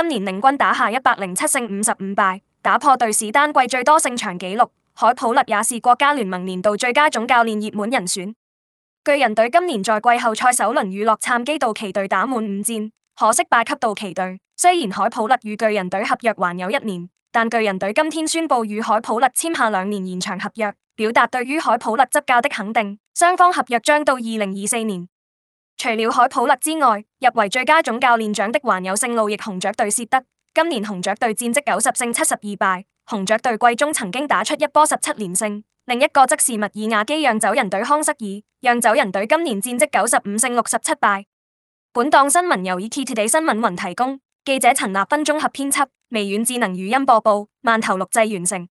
今年領軍打下一百零七勝五十五敗，打破隊史單季最多勝場紀錄。凱普勒也是國家聯盟年度最佳總教練熱門人選。巨人隊今年在季後賽首輪與洛杉磯道奇隊打滿五戰，可惜敗給道奇隊。雖然凱普勒與巨人隊合約還有一年，但巨人隊今天宣布與凱普勒簽下兩年延長合約，表達對於凱普勒執教的肯定。雙方合約將到二零二四年。除了海普勒之外，入圍最佳總教練獎的還有聖路易紅雀隊、薛德。今年紅雀隊戰績九十勝七十二敗，紅雀隊季中曾經打出一波十七連勝。另一個則是密爾瓦基釀酒人隊康塞爾，釀酒人隊今年戰績九十五勝六十七敗。本檔新聞由以 ETD 新聞雲提供，記者陳立芬綜合編輯，微軟智能語音播報，萬頭錄製完成。